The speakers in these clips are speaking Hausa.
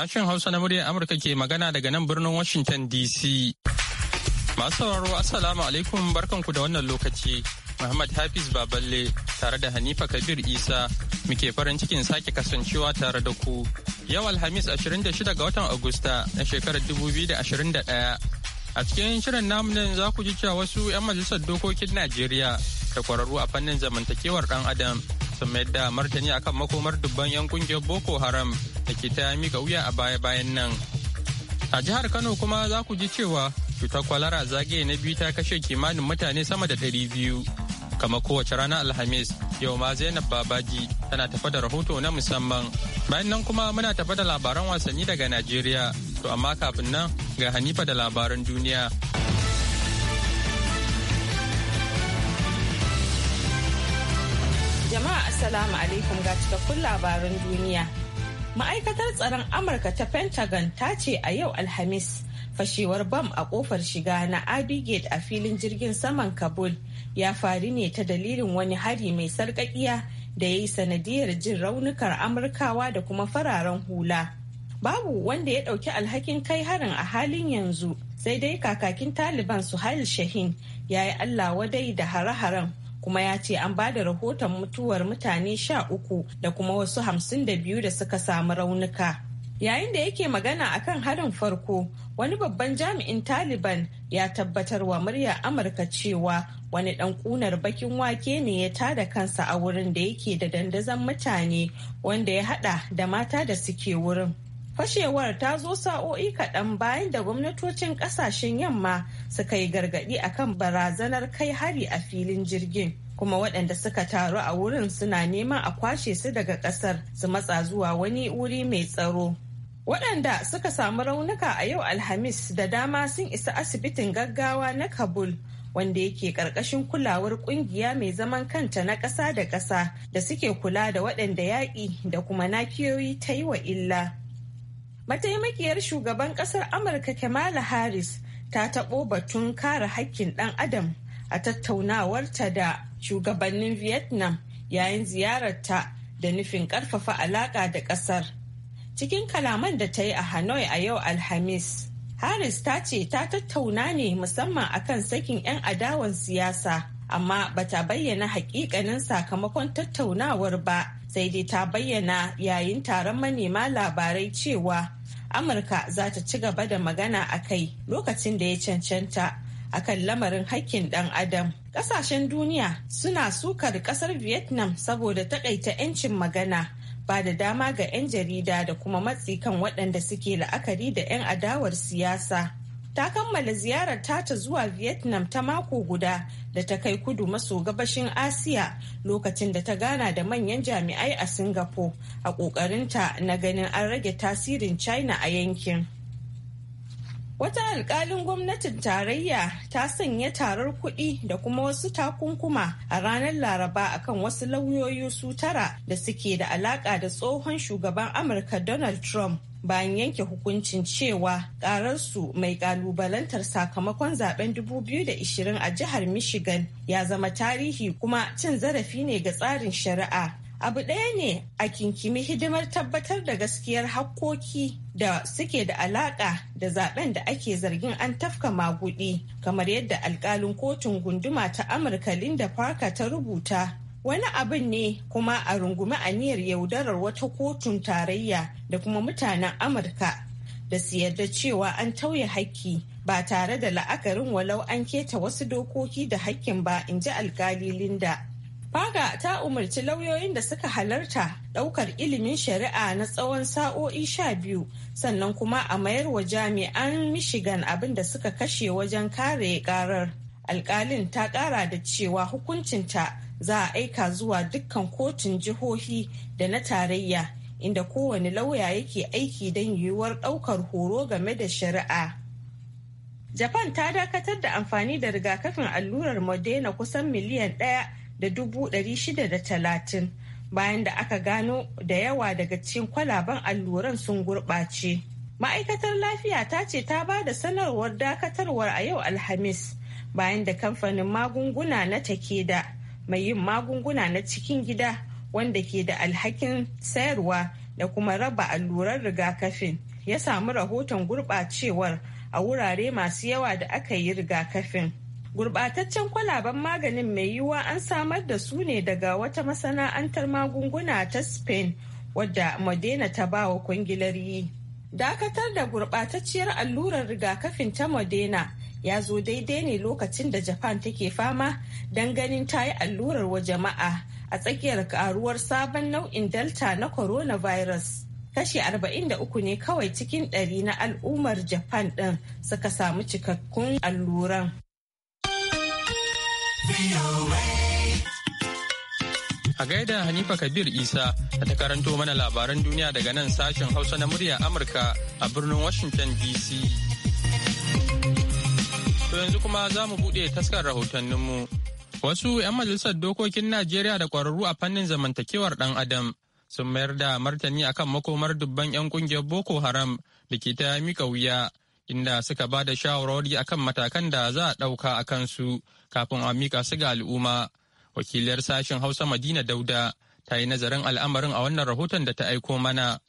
Sashen Hausa na muryar Amurka ke magana daga nan birnin Washington DC. Masu sauraro Assalamu alaikum barkanku da wannan lokaci. Muhammad Hafiz Baballe tare da Hanifa Kabir Isa muke farin cikin sake kasancewa tare da ku. Yau Alhamis 26 ga watan Agusta na shekarar 2021. A cikin shirin namu nan za ku ji cewa wasu 'yan majalisar dokokin Najeriya da kwararru a fannin zamantakewar ɗan adam sun mayar da martani akan makomar dubban 'yan kungiyar boko haram da ke ta mika wuya a baya-bayan nan a jihar kano kuma za ku ji cewa cutar kwalara zagaye na biyu ta kashe kimanin mutane sama da ɗari biyu kama kowace rana alhamis yau ma zainab babaji tana tafa da rahoto na musamman bayan nan kuma muna tafa da labaran wasanni daga najeriya to amma kafin nan ga hanifa da labaran duniya Jama'a Assalamu alaikum ga cikakkun labaran duniya. Ma'aikatar tsaron Amurka ta Pentagon ta ce a yau Alhamis fashewar bam a kofar shiga na abigate a filin jirgin saman Kabul ya faru ne ta dalilin wani hari mai sarƙaƙiya da ya yi sanadiyar jin raunukar Amurkawa da kuma fararen hula. Babu wanda ya ɗauki alhakin kai harin a halin yanzu sai dai kakakin Taliban Suhail Shahin ya yi Allah wadai da hare-haren kuma ya ce an ba da rahoton mutuwar mutane sha uku da kuma wasu hamsin da biyu da suka samu raunuka. Yayin da yake magana a kan harin farko, wani babban jami'in Taliban ya tabbatar wa muryar Amurka cewa wani ɗan ƙunar bakin wake ne ya tada kansa a wurin da yake da dandazon mutane wanda ya haɗa da mata da suke wurin. Fashewar ta zo sa'o'i kaɗan bayan da gwamnatocin ƙasashen yamma suka yi gargaɗi akan barazanar kai hari a filin jirgin. kuma waɗanda suka taru a wurin suna neman a kwashe su daga ƙasar su matsa zuwa wani wuri mai tsaro. Waɗanda suka samu raunuka a yau Alhamis da dama sun isa asibitin gaggawa na Kabul wanda yake ƙarƙashin kulawar ƙungiya mai zaman kanta na ƙasa da ƙasa da suke kula da waɗanda yaƙi da kuma nakiyoyi ta yi wa illa. Mataimakiyar shugaban ƙasar Amurka Kamala Harris ta taɓo batun kare haƙƙin ɗan adam a tattaunawarta da shugabannin Vietnam yayin ziyararta da nufin ƙarfafa alaƙa da ƙasar. Cikin kalaman da ta yi a Hanoi a yau Alhamis, Harris ta ce ta tattauna ne musamman akan sakin 'yan adawan siyasa, amma ba ta bayyana hakikanin sakamakon tattaunawar ba, sai dai ta bayyana yayin taron manema labarai cewa amurka za ta ci gaba da magana a kai lokacin da ya cancanta a kan lamarin haƙƙin ɗan adam ƙasashen duniya suna sukar ƙasar vietnam saboda taƙaita 'yancin magana ba da dama ga 'yan jarida da kuma matsi kan waɗanda suke la'akari da 'yan adawar siyasa ta kammala ziyarar tata zuwa vietnam ta mako guda da ta kai kudu maso gabashin asiya lokacin da ta gana da manyan jami'ai a singapore a ƙoƙarinta na ganin an rage tasirin china a yankin wata alkalin gwamnatin tarayya ta sanya tarar kuɗi da kuma wasu takunkuma a ranar laraba akan wasu lauyoyi su tara da suke da alaƙa da tsohon shugaban amurka donald trump bayan yanke hukuncin cewa ƙararsu mai ƙalubalantar sakamakon zaben 2020 a jihar Michigan ya zama tarihi kuma cin zarafi ne ga tsarin shari'a. Abu ɗaya ne a kinkimi hidimar tabbatar da gaskiyar hakkoki da suke da alaƙa da zaben da ake zargin an tafka maguɗi, kamar yadda alƙalin kotun gunduma ta Amurka Linda Parker ta rubuta Wani abin ne kuma a rungumi aniyar yaudarar wata kotun tarayya da kuma mutanen Amurka da su yarda cewa an tauye haƙƙi, ba tare da la'akarin walau an keta wasu dokoki da haƙƙin ba in ji alkali Linda. Faga ta umarci lauyoyin da suka halarta ɗaukar ilimin shari'a na tsawon sa'o'i sha biyu sannan kuma a mayar wa jami'an Michigan abin da suka kashe wajen kare ƙarar alƙalin ta ƙara da cewa hukuncinta za a aika zuwa dukkan kotun jihohi da na tarayya inda kowane lauya yake aiki don yiwuwar ɗaukar horo game da shari'a. Japan ta dakatar da amfani da rigakafin allurar modena kusan miliyan ɗaya da dubu ɗari shida da talatin bayan da aka gano da yawa daga cikin kwalaban alluran sun gurɓace. Ma'aikatar lafiya ta ce ta ba da sanarwar dakatarwar a yau Alhamis bayan da kamfanin magunguna na take da. mai yin magunguna na cikin gida wanda ke da alhakin sayarwa da kuma raba allurar rigakafin ya samu rahoton gurɓacewar a wurare masu yawa da aka yi rigakafin. Gurbataccen kwalaben maganin mai yiwuwa an samar da su ne daga wata masana'antar magunguna ta Spain wadda Modena ta ba wa kwangilar yi. Dakatar da gurbatacciyar allurar rigakafin ta Modena ya zo daidai ne lokacin da japan take fama don ganin ta yi allurar wa jama'a a tsakiyar karuwar sabon nau'in delta na coronavirus kashi 43 ne kawai cikin ɗari na al'ummar japan ɗin suka samu cikakkun alluran a gaida Hanifa Kabir Isa da ta karanto mana labaran duniya daga nan sashen Hausa na murya Amurka a birnin Washington DC. To yanzu kuma za mu buɗe taskar rahotanninmu. Wasu 'yan majalisar dokokin Najeriya da ƙwararru a fannin zamantakewar ɗan Adam sun mayar da martani akan makomar dubban 'yan ƙungiyar Boko Haram da ke ta mika wuya inda suka ba da shawarwari akan matakan da za a ɗauka a kansu kafin a mika su ga al'umma. Wakiliyar sashen Hausa Madina Dauda ta yi nazarin al'amarin a wannan rahoton da ta aiko mana.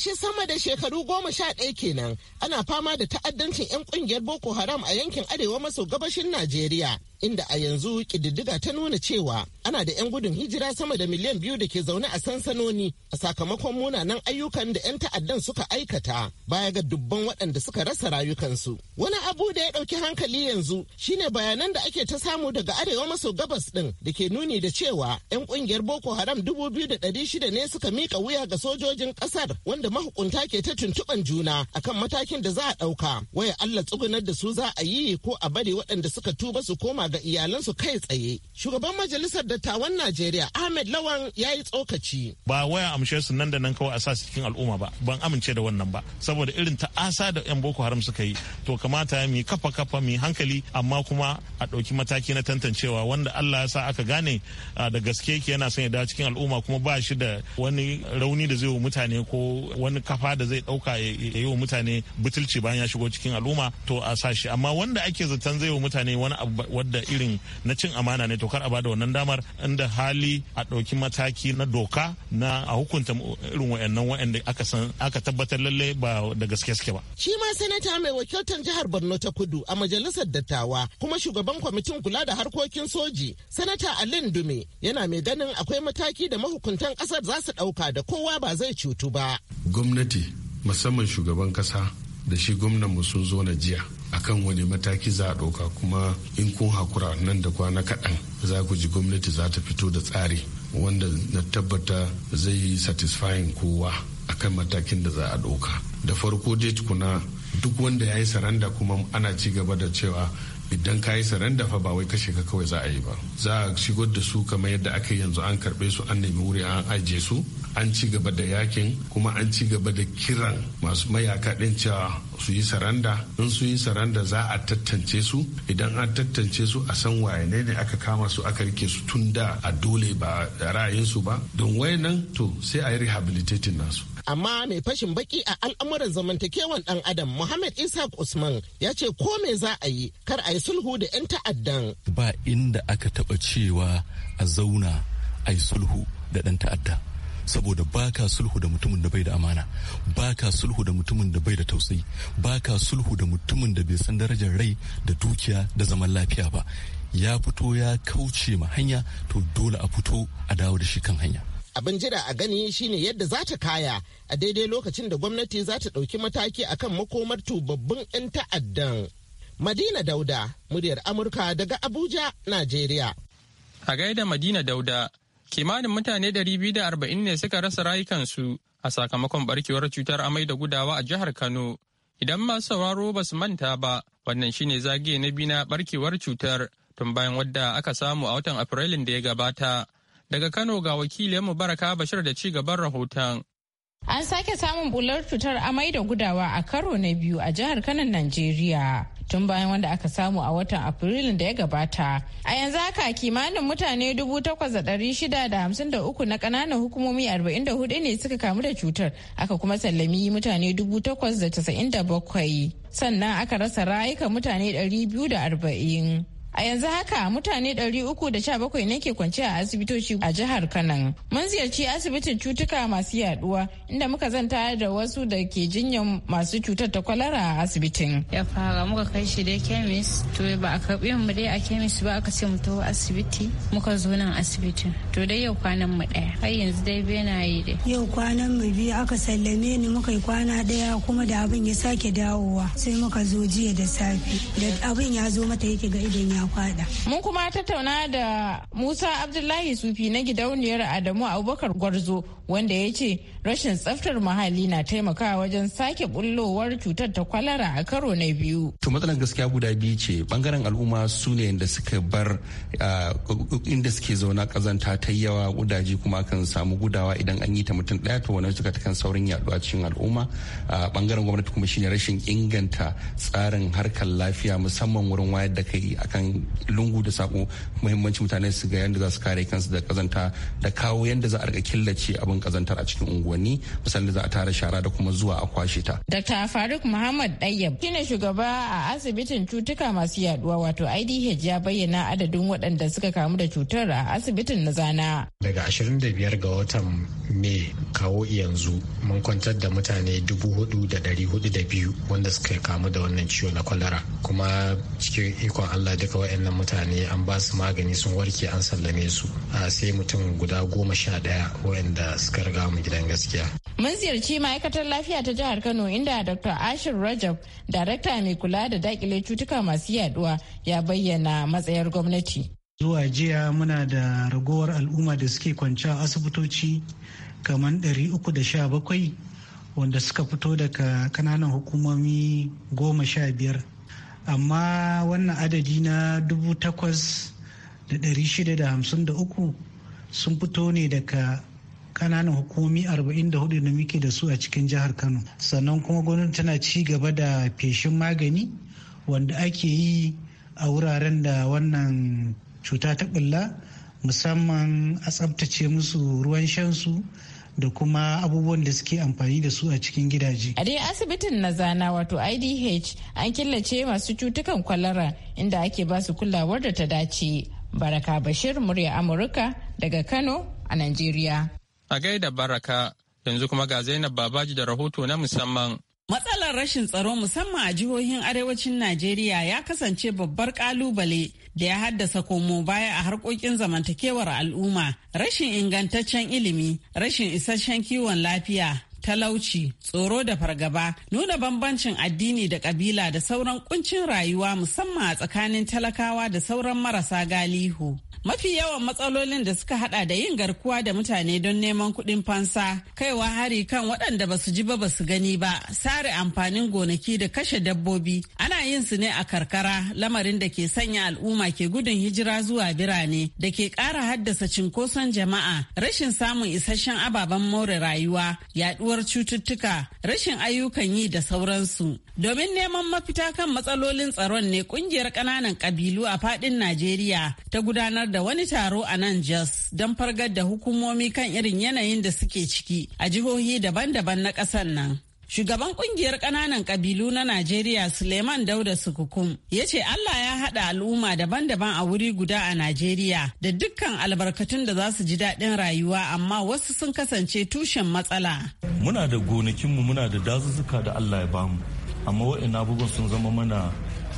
shi sama da shekaru goma sha ɗaya kenan ana fama da ta'addancin 'yan ƙungiyar Boko Haram a yankin arewa maso gabashin Najeriya. Inda a yanzu ƙididdiga ta nuna cewa ana da 'yan gudun hijira sama da miliyan biyu da ke zaune a sansanoni a sakamakon munanan ayyukan da 'yan ta'addan suka aikata baya ga dubban waɗanda suka rasa rayukansu. Wani abu da ya ɗauki hankali yanzu shine bayanan da ake ta samu daga arewa maso gabas ɗin da ke nuni da cewa 'yan ƙungiyar Boko Haram dubu biyu da ɗari shida ne suka mika wuya ga sojojin ƙasar wanda da mahukunta ke ta tuntuɓan juna akan matakin da za a ɗauka waya Allah tsugunar da su za a yi ko a bari waɗanda suka tuba su koma ga iyalansu kai tsaye. Shugaban majalisar dattawan Najeriya Ahmed Lawan ya yi tsokaci. Ba waya amshe su nan da nan kawai a sa cikin al'umma ba ban amince da wannan ba saboda irin ta'asa da 'yan Boko Haram suka yi to kamata mu yi kafa kafa mu hankali amma kuma a ɗauki mataki na tantancewa wanda Allah ya sa aka gane da gaske yake yana son ya dawo cikin al'umma kuma ba shi da wani rauni da zai wa mutane ko wani kafa da zai dauka ya yi wa mutane butulci bayan ya shigo cikin al'umma to a sashi amma wanda ake zaton zai wa mutane wani abu wadda irin na cin amana ne to kar a bada wannan damar inda hali a ɗauki mataki na doka na a hukunta irin wayannan wayanda aka san aka tabbatar lalle ba da gaske suke ba shi ma sanata mai wakiltar jihar Borno ta Kudu a majalisar dattawa kuma shugaban kwamitin kula da harkokin soji sanata Alin Dume yana mai ganin akwai mataki da mahukuntan kasar za su ɗauka da kowa ba zai cutu ba gwamnati musamman shugaban kasa da shi gwamnanmu sun zo na jiya akan wani mataki za a ɗauka kuma in kun hakura nan da kwana kaɗan za ku ji gwamnati za ta fito da tsari wanda na tabbata zai yi satisfying kowa akan matakin da za a ɗauka da farko dai tukuna duk wanda ya yi saranda kuma ana ci gaba da cewa idan ka yi saranda fa ba wai kashe ka kawai za a yi ba za a shigar da su kamar yadda aka yanzu an karɓe su an nemi wuri an ajiye su an ci gaba da yakin kuma an ci gaba da kiran masu mayaka ɗin cewa su yi saranda in su yi saranda za a tattance su idan an tattance su a san waye ne ne aka kama su aka rike su tun da a dole ba da ra'ayinsu ba don waye nan to sai a yi rehabilitating nasu amma mai fashin baki a al'amuran zamantakewan dan adam muhammad ishaq usman ya ce ko me za a yi kar a yi sulhu da 'yan ta'addan ba inda aka taba cewa a zauna a yi sulhu da dan ta'adda saboda baka sulhu da mutumin da bai da amana baka sulhu da mutumin da bai da tausayi baka sulhu da mutumin da bai san darajar rai da dukiya da zaman lafiya ba ya fito ya kauce ma hanya to dole a fito a dawo da shi kan hanya abin jira a gani shine yadda za ta kaya a daidai lokacin da gwamnati za ta ɗauki mataki akan makomar tubabbin 'yan ta'addan madina dauda muryar amurka daga abuja najeriya a gaida madina dauda kimanin mutane biyu da arba'in ne suka rasa rayukansu a sakamakon barkewar cutar amai da gudawa a jihar Kano. Idan masu sauraro ba su manta ba, wannan shine zagaye na biyu na barkewar cutar tun bayan wadda aka samu a watan Afrilun da ya gabata. Daga Kano ga ya Baraka Bashir da ci gaban rahoton. An sake samun bular cutar amai da gudawa a karo na biyu a jihar Kano, Najeriya. tun bayan wanda aka samu a watan Afrilun da ya gabata. A yanzu haka kimanin mutane uku na kananan hukumomi 44 ne suka kamu da cutar aka kuma sallami mutane 8,097 sannan aka rasa rayuka mutane 240. A yanzu haka mutane 317 ne ke kwance a asibitoci a jihar Kanan. Mun ziyarci asibitin cutuka masu yaduwa inda muka zanta da wasu da ke jinyar masu cutar ta kwalara a asibitin. Ya fara muka kai shi dai kemis to ba a karbi mu dai a kemis ba aka ce mu to asibiti muka zo nan asibitin. To dai yau kwanan mu daya. Har yanzu dai bena yi dai. Yau kwanan mu biyu aka sallame ni muka yi kwana daya kuma da abin ya sake dawowa sai muka zo jiya da safe. Da abin ya zo mata yake ga idan ya fada. Mun kuma tattauna da Musa Abdullahi Sufi na gidauniyar Adamu Abubakar Gwarzo wanda ya ce rashin tsaftar muhalli na taimakawa wajen sake bullowar cutar ta kwalara a karo na biyu. To matsalar gaskiya guda biyu ce bangaren al'umma su ne inda suka bar inda suke zauna kazanta ta yawa gudaji kuma kan samu gudawa idan an yi ta mutum daya ta wannan suka kan saurin yaduwa cikin al'umma bangaren gwamnati kuma shine rashin inganta tsarin harkar lafiya musamman wurin wayar da kai akan lungu da sako muhimmanci mutane su ga yadda za su kare kansu da kazanta da kawo yadda za a rika killace abin kazantar a cikin unguwanni musan da za a tara shara da kuma zuwa a kwashe ta. Dr. Faruk Muhammad Dayyab shine shugaba a asibitin cutuka masu yaduwa wato IDH ya bayyana adadin waɗanda suka kamu da cutar a asibitin na zana. Daga 25 ga watan Mai kawo yanzu mun kwantar da mutane 4,402 wanda suka kamu da wannan ciwo na kwalara kuma cikin ikon Allah duka waɗannan mutane an ba su magani sun warke an sallame su sai mutum guda goma sha ɗaya waɗanda iskar gidan gaskiya. Mun ziyarci ma'aikatar lafiya ta jihar Kano inda Dr. Ashir Rajab, darakta mai kula da dakile cutuka masu yaduwa ya bayyana matsayar gwamnati. Zuwa jiya muna da ragowar al'umma da suke kwanciya a asibitoci kamar 317 wanda suka fito daga kananan hukumomi goma sha biyar. Amma wannan adadi na dubu takwas da ɗari shida da hamsin da uku sun fito ne daga kananan hukumomi 44 da muke da su a cikin jihar kano sannan kuma gwamnati tana ci gaba da feshin magani wanda ake yi a wuraren da wannan cuta ta bulla musamman a tsabtace musu ruwan shansu da kuma abubuwan da suke amfani da su a cikin gidaje. A dai asibitin na zana wato IDH an killace masu cutukan kwalara inda ake ba su kulawar da ta dace. Baraka Bashir murya Amurka daga Kano a Najeriya. A gaida baraka yanzu kuma ga Zainab Babaji da rahoto na musamman. Matsalar rashin tsaro musamman a jihohin arewacin Najeriya ya kasance babbar kalubale da ya haddasa komo baya a harkokin zamantakewar al'umma, rashin ingantaccen ilimi, rashin isasshen kiwon lafiya, talauci, tsoro da fargaba, nuna bambancin addini da kabila da sauran kuncin rayuwa musamman a tsakanin talakawa da sauran marasa galihu. Mafi yawan matsalolin da suka hada da yin garkuwa da mutane don neman kuɗin fansa, kaiwa hari kan waɗanda ba su ji ba ba su gani ba, sare amfanin gonaki da kashe dabbobi, ana yin su ne a karkara lamarin da ke sanya al'umma ke gudun hijira zuwa birane da ke ƙara haddasa cinkoson jama'a, rashin samun isasshen ababen more rayuwa, yaɗuwa yaduwar cututtuka, rashin ayyukan yi da sauransu. Domin neman mafita kan matsalolin tsaron ne kungiyar ƙananan ƙabilu a faɗin Najeriya ta gudanar da wani taro a nan Jos don fargar da hukumomi kan irin yanayin da suke ciki a jihohi daban-daban na ƙasar nan. Shugaban kungiyar ƙananan ƙabilu na Najeriya Suleiman Dauda Sukukum ya ce Allah ya haɗa al'umma daban-daban a wuri guda a Najeriya da dukkan albarkatun da za su ji daɗin rayuwa amma wasu sun kasance tushen matsala. Muna da gonakinmu muna da dazuzzuka da Allah ya bamu amma wa'in abubuwan sun zama mana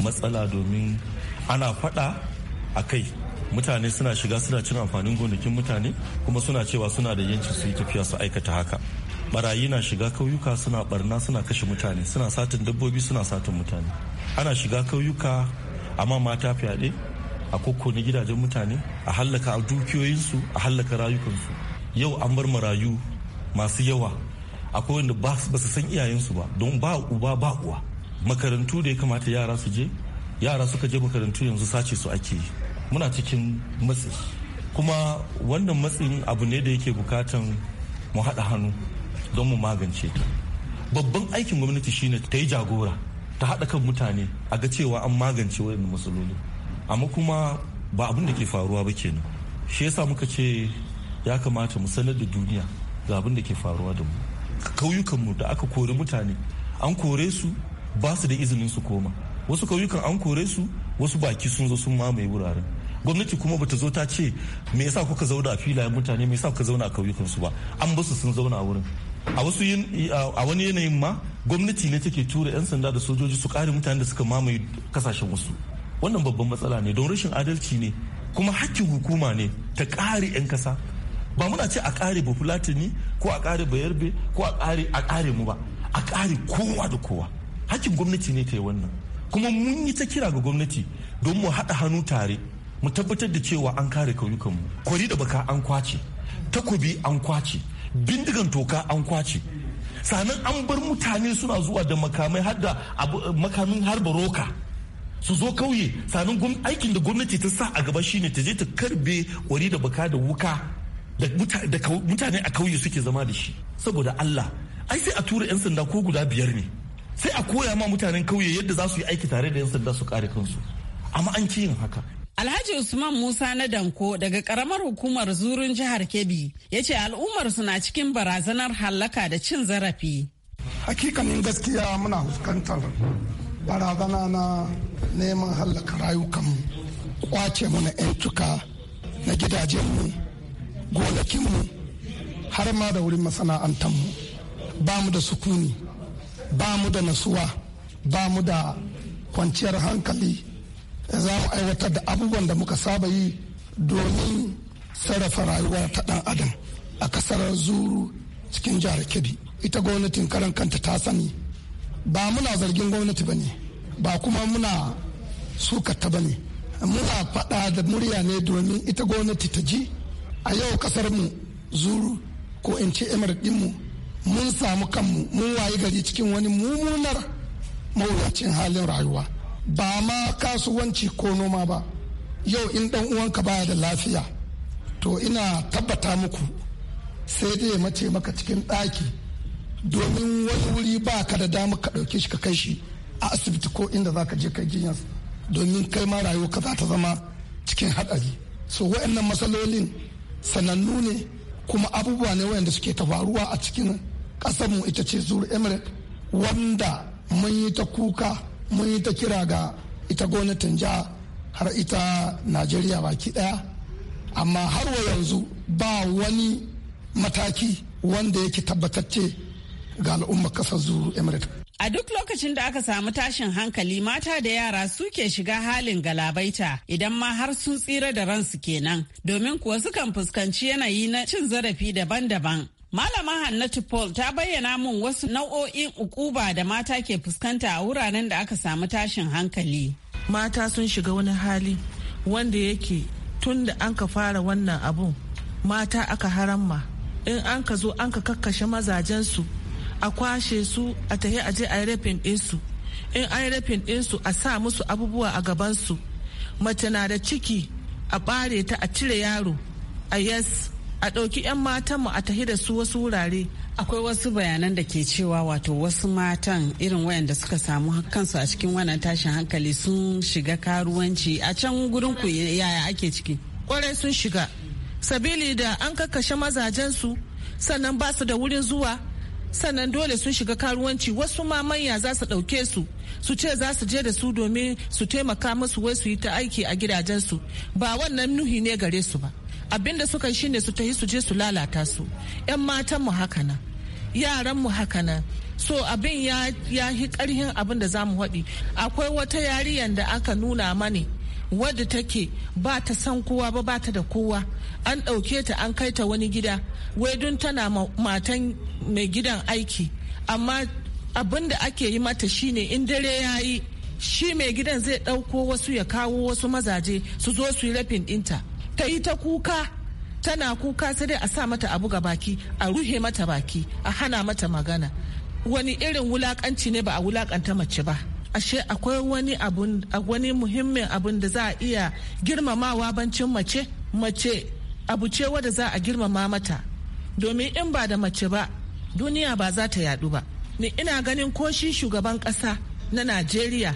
matsala domin ana faɗa a kai mutane suna shiga suna cin amfanin gonakin mutane kuma suna cewa suna da yanci su yi tafiya su aikata haka barayi na shiga kauyuka suna barna suna kashe mutane suna satin dabbobi suna satin mutane ana shiga kauyuka amma mata fyaɗe a kokkone gidajen mutane a hallaka a dukiyoyinsu a hallaka rayukansu yau an bar marayu masu yawa akwai wanda ba su san iyayensu ba don ba uba ba uwa makarantu da ya kamata yara su je yara suka je makarantu yanzu sace su ake yi muna cikin matsi kuma wannan matsin abu ne da yake bukatan mu haɗa hannu don mu magance ta babban aikin gwamnati shine ta yi jagora ta haɗa kan mutane a ga cewa an magance waɗannan matsaloli amma kuma ba abin da ke faruwa ba kenan shi yasa muka ce ya kamata mu sanar da duniya ga abin da ke faruwa da mu kauyukanmu da aka kore mutane an kore su ba su da izinin su koma wasu kauyukan an kore su wasu baki sun zo sun mamaye wuraren gwamnati kuma bata zo ta ce me yasa kuka zauna a filayen mutane me yasa kuka zauna a kauyukan su ba an basu sun zauna a wurin a wasu yin a wani yanayin ma gwamnati ne take tura 'yan sanda da sojoji su kare mutane da suka mamaye kasashen wasu wannan babban matsala ne don rashin adalci ne kuma hakkin hukuma ne ta kare 'yan kasa ba muna ce a kare bafulatani ko a kare bayarbe ko a kare a kare mu ba a kare kowa da kowa hakkin gwamnati ne ta yi wannan kuma mun yi ta kira ga gwamnati don mu haɗa hannu tare mu tabbatar da cewa an kare kauyukanmu kwari da baka an kwace takobi an kwace bindigan toka an kwace sannan an bar mutane suna zuwa da makamai har da makamin harba roka su zo kauye sannan aikin da gwamnati ta sa a gaba shine ta je ta karbe kwari da baka da wuka da mutane a kauye suke zama da shi saboda Allah ai sai a tura 'yan sanda ko guda biyar ne sai a koya ma mutanen kauye yadda za su yi aiki tare da 'yan sanda su kare kansu amma an ci yin haka Alhaji Usman Musa na Danko daga karamar hukumar Zurun jihar Kebbi ya ce al'ummarsu na cikin barazanar hallaka da cin zarafi. Hakikanin gaskiya muna fuskantar barazana na neman hallaka rayukanmu, kwace mu na 'yantuka na gidajenmu, gonakinmu, har ma da wurin masana'antarmu. Ba mu da sukuni, ba mu da nasuwa, ba mu da kwanciyar hankali. za mu aiwatar da abubuwan da muka saba yi domin sarrafa rayuwa ta dan adam a kasar zuru cikin jihar kebbi ita gwamnatin karan kanta ta sani ba muna zargin gwamnati ba ne ba kuma muna sukata ba ne muna faɗa da murya ne domin ita gwamnati ta ji a yau kasar mu zuru ko in ce emir dinmu mun samu kanmu mun wayi gari cikin wani mummunar mawuyacin halin rayuwa ba ma kasuwanci ko noma ba yau in dan uwanka baya da lafiya to ina tabbata muku sai dai mace maka cikin ɗaki domin wani wuri ba ka da dama ka ɗauke shi ka kai shi a asibiti ko inda za ka je kai jinyar domin kai ma rayuwarka za ta zama cikin haɗari so wayannan matsalolin sanannu ne kuma abubuwa ne wayanda suke tabaruwa a cikin mu ita ce zuru emirate wanda mun yi ta kuka mun yi ta kira ga ita gwamnatin jiha har ita najeriya baki daya amma har wa yanzu ba wani mataki wanda yake tabbatacce ga al'ummar kasar zuru emirate A duk lokacin da aka samu tashin hankali mata da yara suke shiga halin galabaita idan ma har sun tsira da ransu kenan domin kuwa sukan fuskanci yanayi na cin zarafi daban-daban Malama Hannatu Paul ta bayyana mun wasu nau'o'in ukuba da mata ke fuskanta a wuraren da aka samu tashin hankali. Mata sun shiga wani hali wanda yake tun da an ka fara wannan abun mata aka haramma in an ka zo an ka kakkashe mazajensu a kwashe su a tahi a je a rafin ɗinsu in an rafin ɗinsu a sa musu abubuwa a gabansu mace na da ciki a ɓare ta a cire yaro a yes a ɗauki 'yan matan mu a tafi da su wasu wurare akwai wasu bayanan da ke cewa wato wasu matan irin wayanda suka samu kansu a cikin wannan tashin hankali sun shiga karuwanci a can gurin ku yaya ake ciki kwarai sun shiga sabili da an kakkashe mazajensu sannan ba su da wurin zuwa sannan dole sun shiga karuwanci wasu ma manya za su ɗauke su su ce za su je da su domin su taimaka musu wai su yi ta aiki a gidajensu ba wannan nuhi ne gare su ba abinda suka yi shine su tafi su je su lalata su yan matan mu haka yaran mu haka so abin ya ya hi karhin abin da zamu haɗi akwai wata yariyan da aka nuna mani wadda take ba ta san kowa ba ba ta da kowa an ɗauke ta an kai ta wani gida wai dun tana matan mai gidan aiki amma abin da ake yi mata shine in dare ya yi shi mai gidan zai ɗauko wasu ya kawo wasu mazaje su zo su yi rafin ɗinta ta yi ta kuka tana kuka sai dai a sa mata abu ga baki a ruhe mata baki a hana mata magana wani irin wulakanci ne ba a wulakanta mace ba ashe akwai wani abun wani muhimmin abun da za a iya girmamawa bancin mace mace abu ce wadda za a girmama mata domin in ba da mace ba duniya ba za ta yadu ba ni ina ganin ko shi shugaban kasa na najeriya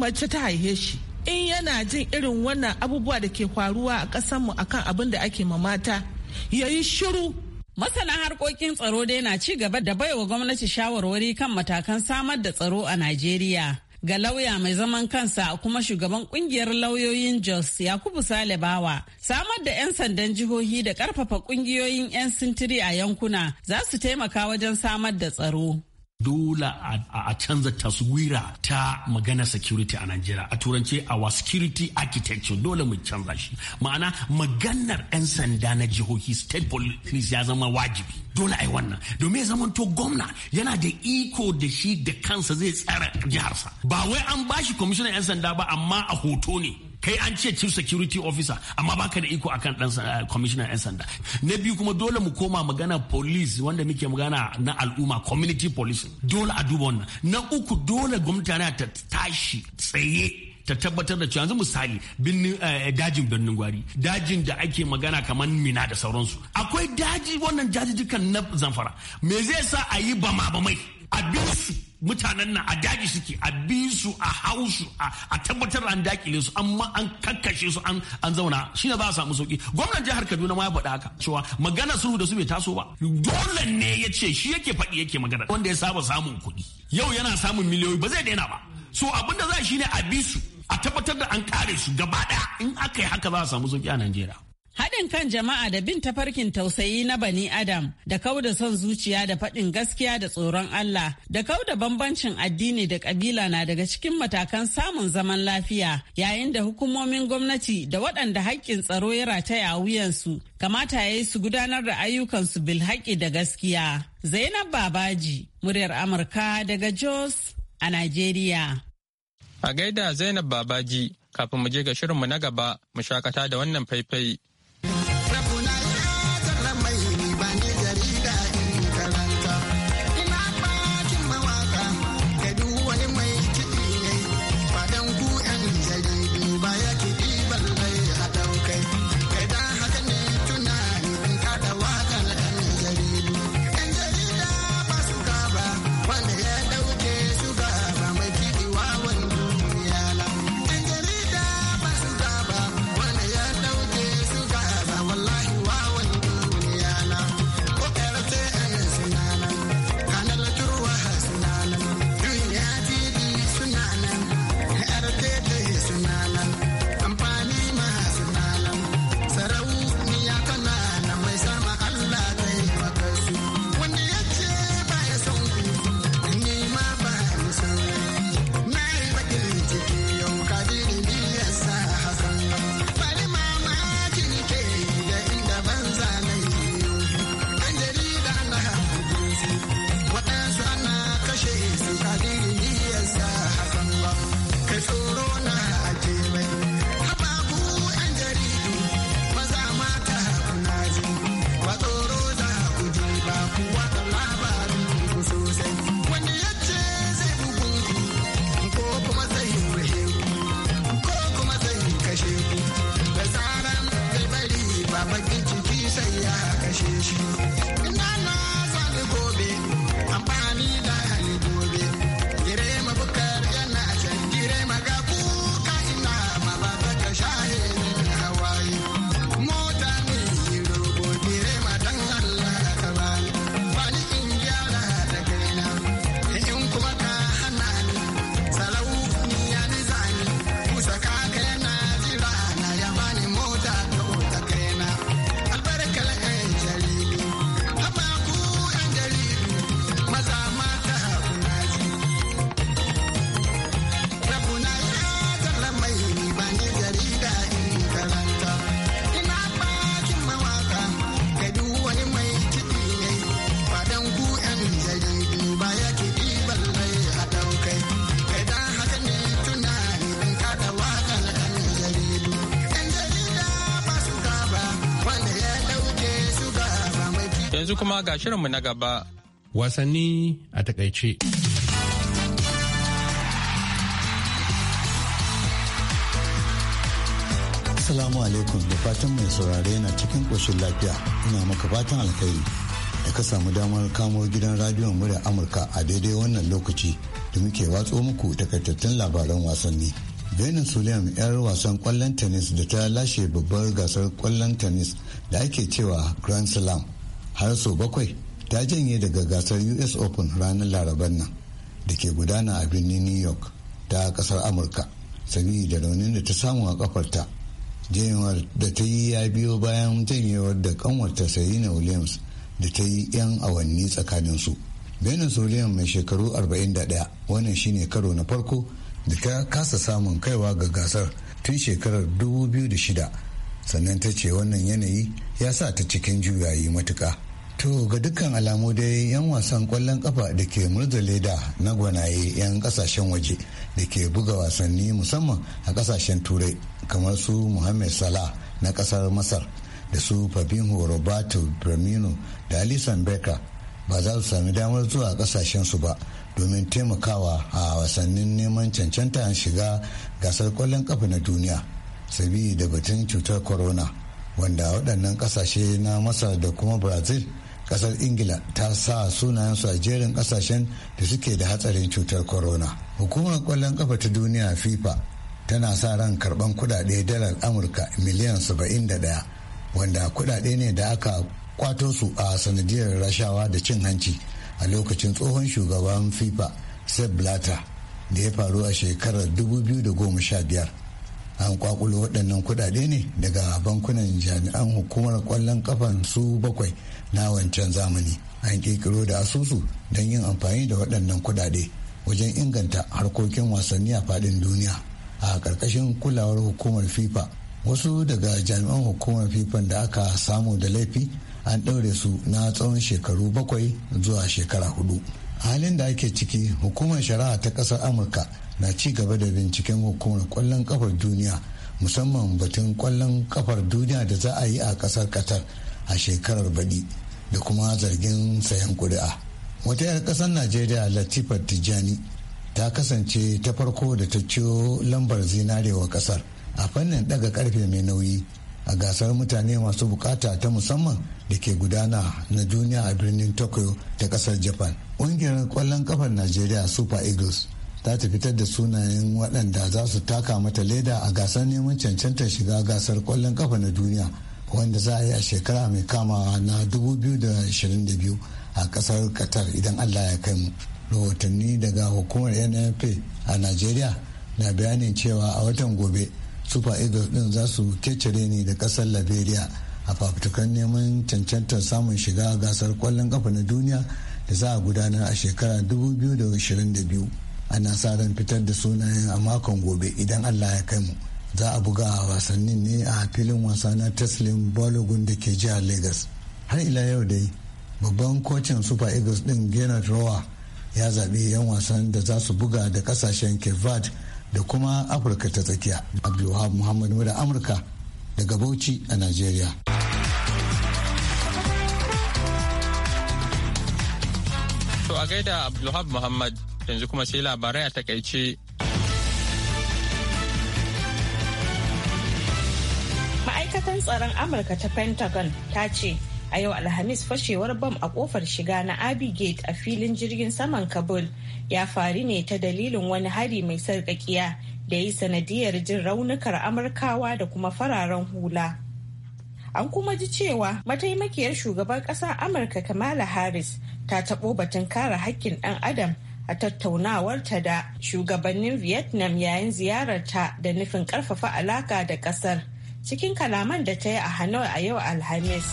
mace ta haihe shi in yana jin irin wannan abubuwa da ke faruwa a a akan abin da ake ma mata ya yi shiru Masana harkokin tsaro dai na ci gaba da baiwa gwamnati shawarwari kan matakan samar da tsaro a Najeriya. Ga lauya mai zaman kansa kuma shugaban kungiyar lauyoyin Jos Yakubu Salibawa samar da 'yan sandan jihohi da karfafa kungiyoyin 'yan sintiri a yankuna za su taimaka wajen samar da tsaro. dole a canza taswira ta magana security a Najeriya a turance our security architecture dole mu canza shi ma'ana maganar 'yan sanda na jihohi state police ya zama wajibi dole a yi wannan domin ya zama to gwamna yana da iko da shi da kansa zai tsara jiharsa ba wai an bashi kwamishinan 'yan sanda ba amma a hoto ne kai an ce chief security officer amma baka da iko akan dan eh, commissioner yan sanda na biyu kuma dole mu koma magana police wanda muke magana na al'umma community police. dole a duba wannan na uku dole gwamnati ta tashi tsaye ta tabbatar da cewa yanzu misali eh, dajin birnin gwari dajin da ake magana kamar mina da sauransu akwai daji wannan dajijjikan na zamfara me zai sa a yi bama bamai a bin su mutanen nan a daji suke a bi su a hausu a tabbatar an dakile su amma an kakkashe su an zauna shi ne za a samu sauki gwamnan jihar kaduna ma ya faɗa haka cewa magana sulhu da su bai taso ba dole ne ya ce shi yake faɗi yake magana wanda ya saba samun kuɗi yau yana samun miliyoyi ba zai daina ba so abin da za shi ne a bi su a tabbatar da an kare su gaba ɗaya in aka yi haka za a samu sauki a najeriya Haɗin kan jama'a da bin tafarkin tausayi na bani Adam da kau da son zuciya da faɗin gaskiya da tsoron Allah da kau da bambancin addini da ƙabila na daga cikin matakan samun zaman lafiya yayin da hukumomin gwamnati da waɗanda haƙƙin tsaro ya rataya a wuyansu kamata ya yi su gudanar da ayyukansu bil haƙƙi da gaskiya. Zainab Babaji, muryar Amurka daga Jos a Najeriya. A gaida Zainab Babaji, kafin mu je ga shirinmu na gaba, mu shakata da wannan faifai. Yanzu kuma ga shirinmu na gaba. Wasanni a takaice. Assalamu alaikum da fatan mai saurare yana cikin ƙoshin lafiya ina maka fatan alkhairi da ka samu damar kamo gidan radiyon murya Amurka a daidai wannan lokaci da muke watso muku takaitattun labaran wasanni. venus Suleim yar wasan kwallon tennis da ta lashe babbar gasar kwallon tennis da ake cewa grand slam har sau bakwai ta janye daga gasar us open ranar laraban nan da ke gudana a birnin new york ta kasar amurka da raunin da ta samu a kafarta janyewar da ta yi ya biyo bayan janyewar da kanwarta serena williams da ta yi 'yan awanni tsakaninsu venus williams mai shekaru 41 wannan shine karo na farko da ta kasa samun kaiwa ga gasar tun shekarar 2006 sannan ta ce wannan yanayi ya sa ta cikin juyayi matuka to ga dukkan alamu dai yan wasan kwallon kafa da ke murza leda na gwanaye yan kasashen waje da ke buga wasanni musamman a kasashen turai kamar su muhammad salah na kasar masar da su fabinho roberto bramino da alisan becker ba za su sami damar zuwa kasashen su ba domin taimakawa a wasannin neman cancanta shiga gasar kwallon kafa na duniya sabi da batun cutar corona wanda waɗannan ƙasashe na masa da kuma brazil ƙasar ingila ta sa sunayen su a jerin ƙasashen da suke da hatsarin cutar corona hukumar ƙwallon ƙafa ta duniya fifa tana sa ran karɓan kuɗaɗe dalar amurka miliyan 71 wanda kuɗaɗe ne da aka kwato su a sanadiyar rashawa da cin hanci a lokacin tsohon shugaban fifa sepp blatter da ya faru a shekarar 2015 an kwakulo waɗannan kuɗaɗe ne daga bankunan jami'an hukumar kwallon kafan su bakwai na wancan zamani an ƙirƙiro da asusu don yin amfani da waɗannan kuɗaɗe wajen inganta harkokin wasanni a faɗin duniya a ƙarƙashin kulawar hukumar fifa wasu daga jami'an hukumar fifa da aka samu da laifi an ɗaure su na tsawon shekaru bakwai zuwa shekara hudu halin da ake ciki hukumar shari'a ta ƙasar amurka na ci gaba da binciken hukumar kwallon kafar duniya musamman batun kwallon kafar duniya da za a yi a kasar katar a shekarar baɗi da kuma zargin sayan kuri'a wata 'yar ƙasar najeriya latifa tijjani ta kasance ta farko da ta ciyo lambar zinarewa kasar a fannin ɗaga karfe mai nauyi a gasar mutane masu bukata ta musamman da ke gudana na duniya a birnin tokyo ta kasar japan ƙungiyar kwallon kafar najeriya super eagles ta ta fitar da sunayen waɗanda za su taka mata leda a gasar neman cancantar shiga gasar kwallon ƙafa na duniya wanda za a yi a shekara mai kamawa na 2022 a ƙasar qatar idan allah ya kai mu rahotanni daga hukumar nfa a nigeria na bayanin cewa a watan gobe super eagles din za su kecere ne da ƙasar liberia a fafutukan neman cancantar samun shiga gasar kwallon kafa na duniya da za a gudanar a shekara 2022 ana sa ran fitar da sunayen a makon gobe idan allah ya kai mu za a buga a wasannin ne a filin wasa na teslin bologun da ke jihar lagos har ila yau dai babban kocin super eagles din gennard rowa ya zaɓi 'yan wasan da za su buga da kasashen kevad da kuma afirka ta tsakiya abdulwahab muhammad da amurka daga bauchi a nigeria to a gaida abdulwahab muhammad yanzu kuma sai labarai a takaice. Ma'aikatan tsaron Amurka ta Pentagon ta ce a yau Alhamis fashewar bam a kofar shiga na Abigate a filin jirgin saman Kabul ya faru ne ta dalilin wani hari mai sarƙaƙiya da ya yi sanadiyar jin raunukar Amurkawa da kuma fararen hula. An kuma ji cewa mataimakiyar shugaban ƙasa Amurka Kamala Harris ta taɓo batun kare haƙƙin ɗan Adam a tattaunawarta da shugabannin vietnam yayin ziyararta da nufin karfafa alaka da kasar cikin kalaman da ta yi a hanoi a yau alhamis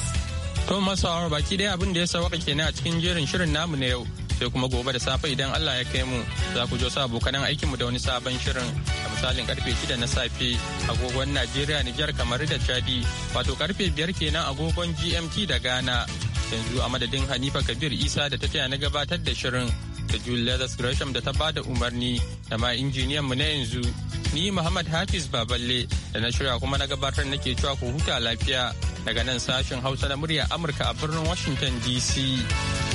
to masu baki dai abin da ya sawaka kenan a cikin jerin shirin namu na yau sai kuma gobe da safe idan allah ya kai mu za ku jo sa abokan aikinmu da wani sabon shirin a misalin karfe 6 na safe agogon najeriya niger kamar da chadi wato karfe 5 kenan agogon gmt da ghana yanzu a madadin hanifa kabir isa da ta taya na gabatar da shirin da julia da Gresham da ta ba da umarni da ma injiniyan mu na yanzu ni Muhammad Hafiz Baballe da na shirya kuma na gabatar nake cewa ku huta lafiya daga nan sashen Hausa na murya Amurka a birnin Washington DC.